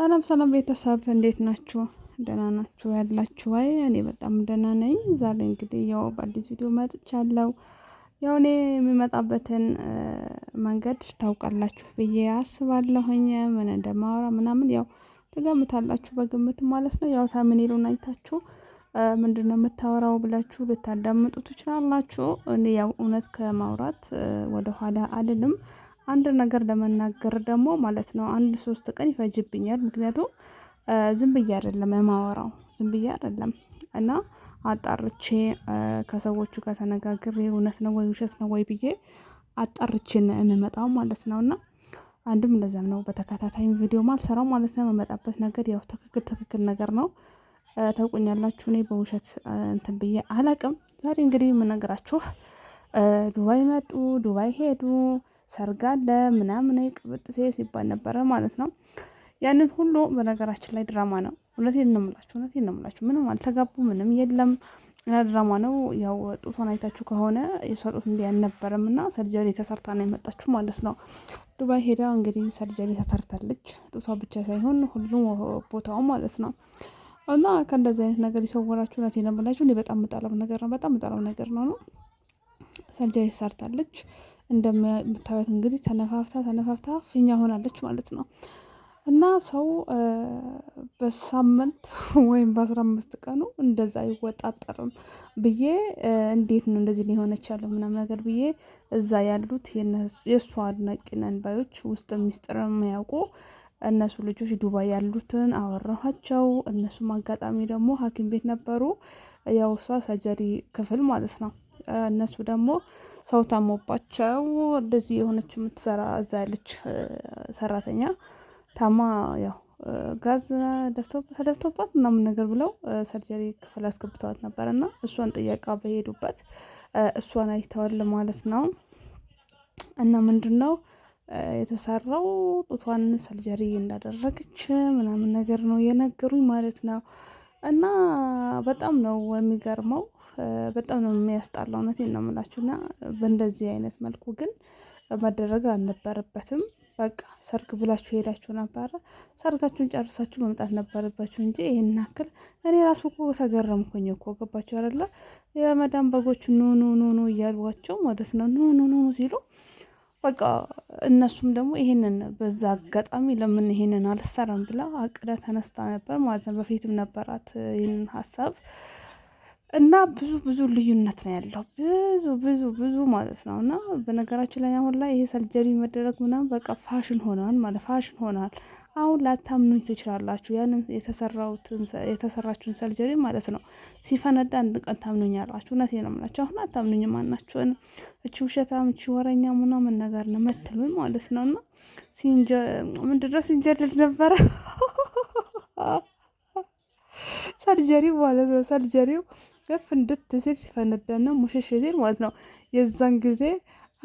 ሰላም ሰላም ቤተሰብ እንዴት ናችሁ? ደህና ናችሁ ያላችሁ? ወይ? እኔ በጣም ደህና ነኝ። ዛሬ እንግዲህ ያው በአዲስ ቪዲዮ መጥቻለሁ። ያው እኔ የሚመጣበትን መንገድ ታውቃላችሁ ብዬ አስባለሁኝ። ምን እንደማወራ ምናምን ያው ትገምታላችሁ፣ በግምት ማለት ነው። ያው ታምኔሉን አይታችሁ ምንድን ነው የምታወራው ብላችሁ ልታዳምጡ ትችላላችሁ። እኔ ያው እውነት ከማውራት ወደኋላ አልልም። አንድ ነገር ለመናገር ደግሞ ማለት ነው አንድ ሶስት ቀን ይፈጅብኛል። ምክንያቱም ዝም ብዬ አይደለም የማወራው ዝም ብዬ አይደለም እና አጣርቼ ከሰዎቹ ጋር ተነጋግሬ እውነት ነው ወይ ውሸት ነው ወይ ብዬ አጣርቼ ነው የምመጣው ማለት ነው። እና አንድም እንደዛም ነው በተከታታይ ቪዲዮ ማልሰራው ማለት ነው። የምመጣበት ነገር ያው ትክክል ትክክል ነገር ነው። ታውቁኛላችሁ፣ እኔ በውሸት እንትን ብዬ አላቅም። ዛሬ እንግዲህ የምነግራችሁ ዱባይ መጡ፣ ዱባይ ሄዱ ሰርግ አለ ምናምን ቅብጥሴ ሲባል ነበረ ማለት ነው። ያንን ሁሉ በነገራችን ላይ ድራማ ነው። እውነቴን ነው የምላችሁ፣ እውነቴን ነው የምላችሁ። ምንም አልተጋቡ ምንም የለም እና ድራማ ነው። ያው ጡቷን አይታችሁ ከሆነ የሰጡት ጡት እንዲህ አልነበረም እና ሰርጀሪ ተሰርታ ነው የመጣችሁ ማለት ነው። ዱባይ ሄዳ እንግዲህ ሰርጀሪ ተሰርታለች። ጡቷ ብቻ ሳይሆን ሁሉም ቦታው ማለት ነው። እና ከእንደዚህ አይነት ነገር ይሰወራችሁ። እውነቴን ነው የምላችሁ። በጣም የምጠላው ነገር ነው። በጣም የምጠላው ነገር ነው ነው ሰርጀሪ ተሰርታለች። እንደምታዩት እንግዲህ ተነፋፍታ ተነፋፍታ ፊኛ ሆናለች ማለት ነው። እና ሰው በሳምንት ወይም በአስራ አምስት ቀኑ እንደዛ አይወጣጠርም ብዬ እንዴት ነው እንደዚህ ሊሆነች ያለው ምናምን ነገር ብዬ እዛ ያሉት የእሱ አድናቂ ነን ባዮች ውስጥ ሚስጥር የሚያውቁ እነሱ ልጆች ዱባይ ያሉትን አወራኋቸው። እነሱም አጋጣሚ ደግሞ ሐኪም ቤት ነበሩ። ያው እሷ ሰጀሪ ክፍል ማለት ነው እነሱ ደግሞ ሰው ታሞባቸው እንደዚህ የሆነች የምትሰራ እዛ ያለች ሰራተኛ ታማ ያው ጋዝ ተደፍቶባት ምናምን ነገር ብለው ሰርጀሪ ክፍል አስገብተዋት ነበር እና እሷን ጥያቃ በሄዱበት እሷን አይተዋል ማለት ነው። እና ምንድን ነው የተሰራው ጡቷን ሰርጀሪ እንዳደረገች ምናምን ነገር ነው የነገሩኝ ማለት ነው። እና በጣም ነው የሚገርመው። በጣም ነው የሚያስጣለው። እውነቴን ነው የምላችሁና በእንደዚህ አይነት መልኩ ግን መደረግ አልነበረበትም። በቃ ሰርግ ብላችሁ ሄዳችሁ ነበረ፣ ሰርጋችሁን ጨርሳችሁ መምጣት ነበረባችሁ እንጂ ይህን ያክል እኔ ራሱ እኮ ተገረምኩኝ እኮ ገባችሁ አይደለ? የመዳም በጎች ኑ ኑ እያሏቸው ማለት ነው ኑ ኑ ሲሉ በቃ እነሱም ደግሞ ይሄንን በዛ አጋጣሚ ለምን ይሄንን አልሰራም ብላ አቅዳ ተነስታ ነበር ማለት ነው። በፊትም ነበራት ይህንን ሀሳብ እና ብዙ ብዙ ልዩነት ነው ያለው። ብዙ ብዙ ብዙ ማለት ነው። እና በነገራችን ላይ አሁን ላይ ይሄ ሰርጀሪ መደረግ ምናምን በቃ ፋሽን ሆኗል ማለት ፋሽን ሆኗል። አሁን ላታምኑኝ ትችላላችሁ። ያንን የተሰራችሁን ሰርጀሪ ማለት ነው። ሲፈነዳ አንድ ቀን ታምኑኛላችሁ። እውነቴን ነው የምላችሁ። አሁን አታምኑኝ ማናችሁን እቺ ውሸታም እቺ ወረኛ ምናምን ነገር ነው መትሉኝ ማለት ነው። እና ምንድን ሲንጀድል ነበረ ሰርጀሪው ማለት ነው ሰርጀሪው ከፍ እንድትስል ሲፈነዳና ሙሽሽ ሲል ማለት ነው። የዛን ጊዜ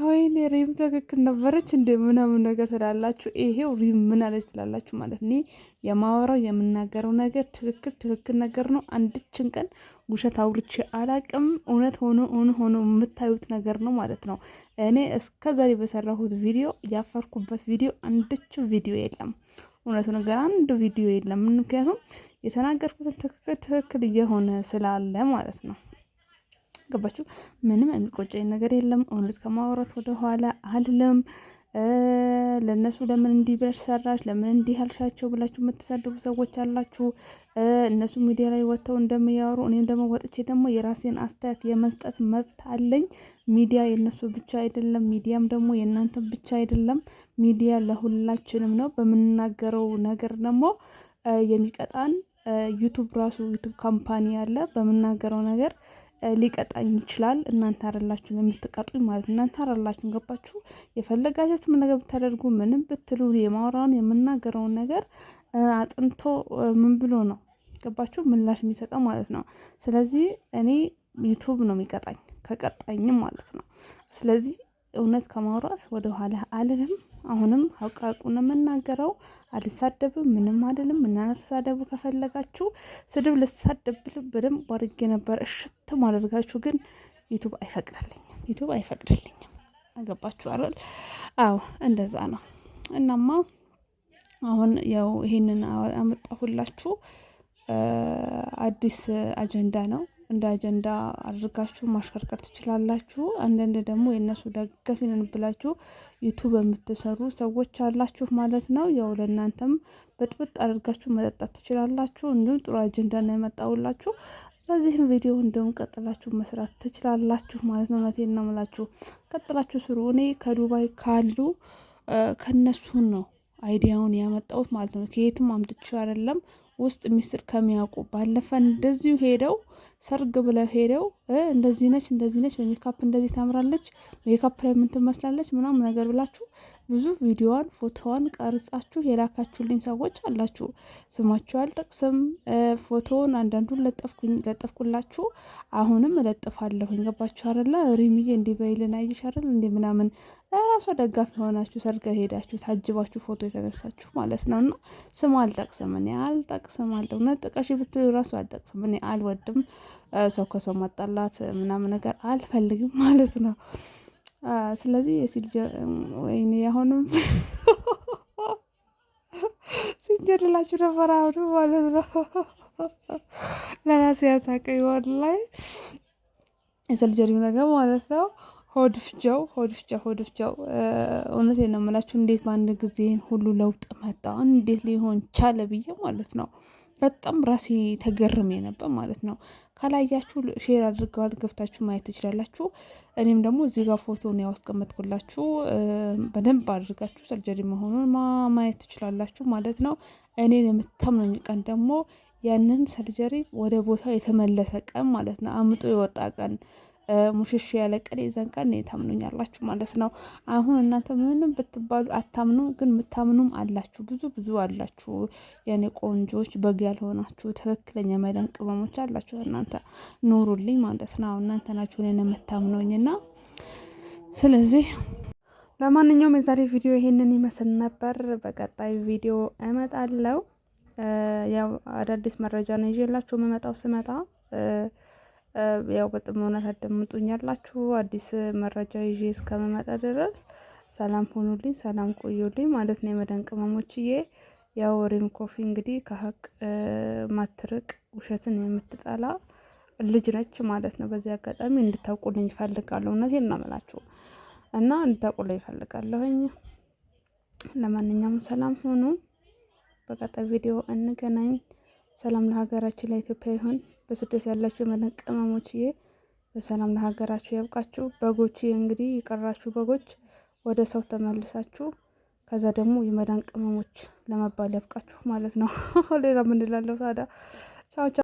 ወይኔ ሪም ትክክል ነበረች እንደ ምናምን ነገር ትላላችሁ። ይሄው ሪም ምን አለች ትላላችሁ ማለት ነው። የማወራው የምናገረው ነገር ትክክል ትክክል ነገር ነው። አንድችን ቀን ውሸት አውርቼ አላቅም። እውነት ሆኖ ሆኖ ሆኖ የምታዩት ነገር ነው ማለት ነው። እኔ እስከዛሬ በሰራሁት ቪዲዮ ያፈርኩበት ቪዲዮ አንድችው ቪዲዮ የለም። እውነቱ ነገር አንድ ቪዲዮ የለም። ምክንያቱም የተናገርኩትን ትክክል ትክክል እየሆነ ስላለ ማለት ነው። ገባችሁ? ምንም የሚቆጨኝ ነገር የለም። እውነት ከማውራት ወደኋላ አልለም። ለእነሱ ለምን እንዲህ ብለሽ ሰራሽ፣ ለምን እንዲህ ብላችሁ የምትሰድቡ ሰዎች አላችሁ። እነሱ ሚዲያ ላይ ወጥተው እንደሚያወሩ እኔም ደግሞ ወጥቼ ደግሞ የራሴን አስተያየት የመስጠት መብት አለኝ። ሚዲያ የእነሱ ብቻ አይደለም፣ ሚዲያም ደግሞ የእናንተ ብቻ አይደለም። ሚዲያ ለሁላችንም ነው። በምንናገረው ነገር ደግሞ የሚቀጣን ዩቱብ ራሱ ዩቱብ ካምፓኒ አለ። በምናገረው ነገር ሊቀጣኝ ይችላል። እናንተ አረላችሁ የምትቀጡኝ ማለት ነው። እናንተ አረላችሁ ገባችሁ። የፈለጋቸው ምን ነገር ብታደርጉ ምንም ብትሉ የማወራውን የምናገረውን ነገር አጥንቶ ምን ብሎ ነው ገባችሁ ምላሽ የሚሰጠው ማለት ነው። ስለዚህ እኔ ዩቱብ ነው የሚቀጣኝ ከቀጣኝም ማለት ነው። ስለዚህ እውነት ከማውራት ወደኋላ አልልም። አሁንም ሀቃቁን የምናገረው አልሳደብም፣ ምንም አይደለም። እናንተ ተሳደቡ ከፈለጋችሁ ስድብ ልሳደብ በደንብ አድርጌ ነበር እሽት ማደርጋችሁ፣ ግን ዩቱብ አይፈቅድልኝም። ዩቱብ አይፈቅድልኝም። አገባችሁ አይደል? አዎ እንደዛ ነው። እናማ አሁን ያው ይሄንን አመጣሁላችሁ። አዲስ አጀንዳ ነው እንደ አጀንዳ አድርጋችሁ ማሽከርከር ትችላላችሁ። አንዳንድ ደግሞ የእነሱ ደገፊ ነን ብላችሁ ዩቱብ የምትሰሩ ሰዎች አላችሁ ማለት ነው። ያው ለእናንተም በጥብጥ አድርጋችሁ መጠጣት ትችላላችሁ። እንዲሁም ጥሩ አጀንዳ ነው የመጣውላችሁ። በዚህም ቪዲዮ እንደውም ቀጥላችሁ መስራት ትችላላችሁ ማለት ነው። እውነቴን ነው የምላችሁ፣ ቀጥላችሁ ስሩ። እኔ ከዱባይ ካሉ ከነሱ ነው አይዲያውን ያመጣሁት ማለት ነው። ከየትም አምጥቼው አይደለም። ውስጥ ሚስጥር ከሚያውቁ ባለፈ እንደዚሁ ሄደው ሰርግ ብለው ሄደው እንደዚህ ነች፣ እንደዚህ ነች፣ በሜካፕ እንደዚህ ታምራለች፣ ሜካፕ ላይ ምን ትመስላለች ምናምን ነገር ብላችሁ ብዙ ቪዲዮዋን ፎቶዋን ቀርጻችሁ የላካችሁልኝ ሰዎች አላችሁ። ስማችሁ አልጠቅስም። ፎቶውን አንዳንዱን ለጠፍኩኝ ለጠፍኩላችሁ፣ አሁንም እለጥፋለሁ። ገባችሁ አይደለ? ሪሚዬ እንዲህ በይልን አየሽ አይደል እንዲህ ምናምን ራሷ ደጋፊ የሆናችሁ ሰርግ ሄዳችሁ ታጅባችሁ ፎቶ የተነሳችሁ ማለት ነው። እና ስም አልጠቅስም፣ እኔ አልጠቅስም አለ ነጠቀሽ ጥቀሽ ብትሉ ራሱ አልጠቅስም። እኔ አልወድም ሰው ከሰው ማጣላ እንዲወጣላት ምናምን ነገር አልፈልግም ማለት ነው። ስለዚህ የሲልጀ ወይኔ አሁንም ሲንጀድላችሁ ነበር አሁኑ ማለት ነው። ለራሴ ያሳቀኝ ወድ ላይ የሰልጀሪው ነገር ማለት ነው። ሆድፍጃው ሆድፍጀው ሆድፍጃው እውነቴን ነው የምላችሁ። እንዴት በአንድ ጊዜ ይህን ሁሉ ለውጥ መጣ እንዴት ሊሆን ቻለ ብዬ ማለት ነው። በጣም ራሴ ተገርሜ ነበር ማለት ነው። ካላያችሁ ሼር አድርገዋል ገብታችሁ ማየት ትችላላችሁ። እኔም ደግሞ እዚህ ጋር ፎቶን ያስቀመጥኩላችሁ። በደንብ አድርጋችሁ ሰርጀሪ መሆኑን ማየት ትችላላችሁ ማለት ነው። እኔን የምታምነኝ ቀን ደግሞ ያንን ሰርጀሪ ወደ ቦታው የተመለሰ ቀን ማለት ነው። አምጦ የወጣ ቀን ሙሽሽ ያለ ቀን የዛን ቀን አላችሁ ማለት ነው። አሁን እናንተ ምንም ብትባሉ አታምኑ፣ ግን ምታምኑም አላችሁ። ብዙ ብዙ አላችሁ የኔ ቆንጆች፣ በግ ያልሆናችሁ ትክክለኛ መዳን ቅመሞች አላችሁ። እናንተ ኑሩልኝ ማለት ነው። እናንተ ናችሁ እኔን የምታምኑኝና ስለዚህ ለማንኛውም የዛሬ ቪዲዮ ይሄንን ይመስል ነበር። በቀጣይ ቪዲዮ እመጣለሁ። ያው አዳዲስ መረጃ ነው ይዤላችሁ የምመጣው ስመጣ ያው በጥሞና ታዳምጡኛላችሁ። አዲስ መረጃ ይዤ እስከመመጣ ድረስ ሰላም ሆኑልኝ፣ ሰላም ቆዩልኝ ማለት ነው። የመደን ቅመሞችዬ ያው ሪም ኮፊ እንግዲህ ከሀቅ ማትርቅ ውሸትን የምትጠላ ልጅ ነች ማለት ነው። በዚህ አጋጣሚ እንድታውቁልኝ ይፈልጋለሁ። እውነቴን እናምላችሁ እና እንድታውቁልኝ ይፈልጋለሁኝ። ለማንኛውም ሰላም ሆኑ። በቀጣይ ቪዲዮ እንገናኝ። ሰላም ለሀገራችን ለኢትዮጵያ ይሁን። በስደት ያላችሁ የመዳን ቅመሞችዬ በሰላም ለሀገራችሁ ያብቃችሁ። በጎች እንግዲህ የቀራችሁ በጎች ወደ ሰው ተመልሳችሁ ከዛ ደግሞ የመዳን ቅመሞች ለመባል ያብቃችሁ ማለት ነው። ሌላ ምን እላለሁ ታዲያ? ቻው ቻው።